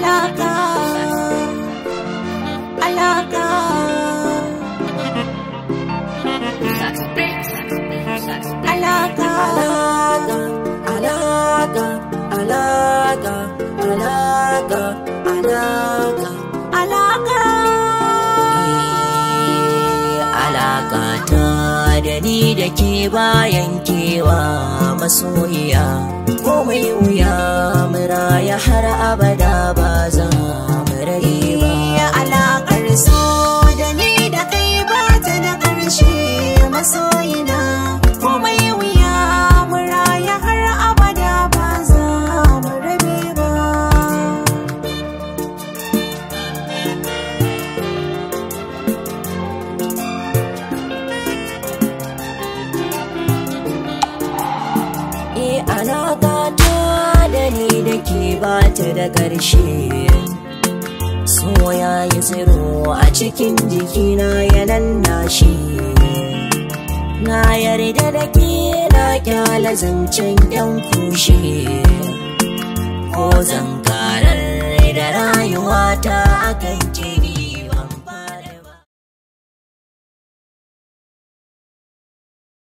Alaga Alaga Alaga Alaga Alaga Alaga Alaga Alaga ta da ni da ke bayan kewa masoyiya komai wuya muraya har abada alaƙa ta da ni da ke ba da ƙarshe soya yi tsiro a cikin jikina ya lallashe na yarda da ke na kyala zancen yan kushe ko zan karar da rayuwa ta akan ke